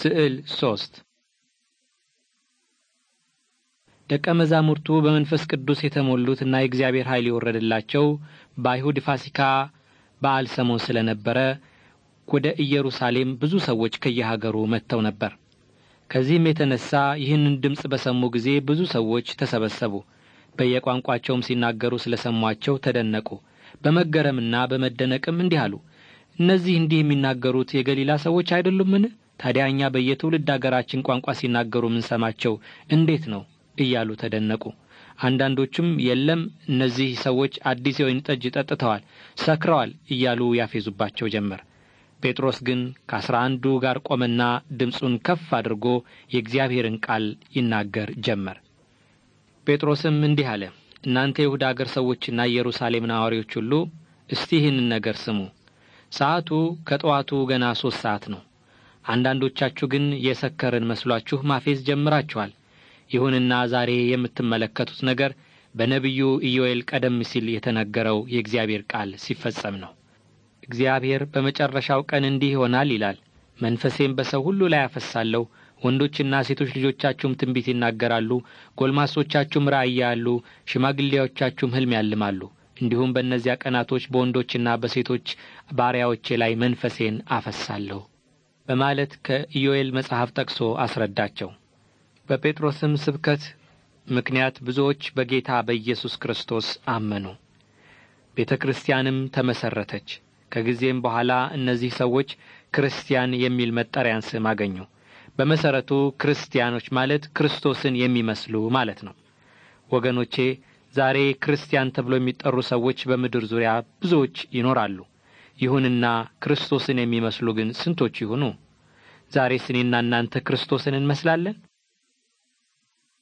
ስዕል ሶስት ደቀ መዛሙርቱ በመንፈስ ቅዱስ የተሞሉት እና የእግዚአብሔር ኃይል የወረደላቸው በአይሁድ ፋሲካ በዓል ሰሞን ስለ ነበረ ወደ ኢየሩሳሌም ብዙ ሰዎች ከየሀገሩ መጥተው ነበር። ከዚህም የተነሳ ይህንን ድምፅ በሰሙ ጊዜ ብዙ ሰዎች ተሰበሰቡ። በየቋንቋቸውም ሲናገሩ ስለ ሰሟቸው ተደነቁ። በመገረምና በመደነቅም እንዲህ አሉ፣ እነዚህ እንዲህ የሚናገሩት የገሊላ ሰዎች አይደሉምን? ታዲያ እኛ በየትውልድ አገራችን ቋንቋ ሲናገሩ ምንሰማቸው እንዴት ነው እያሉ ተደነቁ። አንዳንዶቹም የለም እነዚህ ሰዎች አዲስ የወይን ጠጅ ጠጥተዋል፣ ሰክረዋል እያሉ ያፌዙባቸው ጀመር። ጴጥሮስ ግን ከአስራ አንዱ ጋር ቆመና ድምፁን ከፍ አድርጎ የእግዚአብሔርን ቃል ይናገር ጀመር። ጴጥሮስም እንዲህ አለ፣ እናንተ የይሁዳ አገር ሰዎችና ኢየሩሳሌም ነዋሪዎች ሁሉ እስቲ ይህንን ነገር ስሙ። ሰዓቱ ከጠዋቱ ገና ሦስት ሰዓት ነው። አንዳንዶቻችሁ ግን የሰከርን መስሏችሁ ማፌዝ ጀምራችኋል። ይሁንና ዛሬ የምትመለከቱት ነገር በነቢዩ ኢዮኤል ቀደም ሲል የተነገረው የእግዚአብሔር ቃል ሲፈጸም ነው። እግዚአብሔር በመጨረሻው ቀን እንዲህ ይሆናል ይላል፣ መንፈሴም በሰው ሁሉ ላይ አፈሳለሁ። ወንዶችና ሴቶች ልጆቻችሁም ትንቢት ይናገራሉ፣ ጎልማሶቻችሁም ራእይ ያያሉ፣ ሽማግሌዎቻችሁም ሕልም ያልማሉ። እንዲሁም በእነዚያ ቀናቶች በወንዶችና በሴቶች ባሪያዎቼ ላይ መንፈሴን አፈሳለሁ በማለት ከኢዮኤል መጽሐፍ ጠቅሶ አስረዳቸው። በጴጥሮስም ስብከት ምክንያት ብዙዎች በጌታ በኢየሱስ ክርስቶስ አመኑ። ቤተ ክርስቲያንም ተመሠረተች። ከጊዜም በኋላ እነዚህ ሰዎች ክርስቲያን የሚል መጠሪያን ስም አገኙ። በመሠረቱ ክርስቲያኖች ማለት ክርስቶስን የሚመስሉ ማለት ነው። ወገኖቼ ዛሬ ክርስቲያን ተብሎ የሚጠሩ ሰዎች በምድር ዙሪያ ብዙዎች ይኖራሉ። ይሁንና ክርስቶስን የሚመስሉ ግን ስንቶች ይሁኑ? ዛሬስ እኔና እናንተ ክርስቶስን እንመስላለን?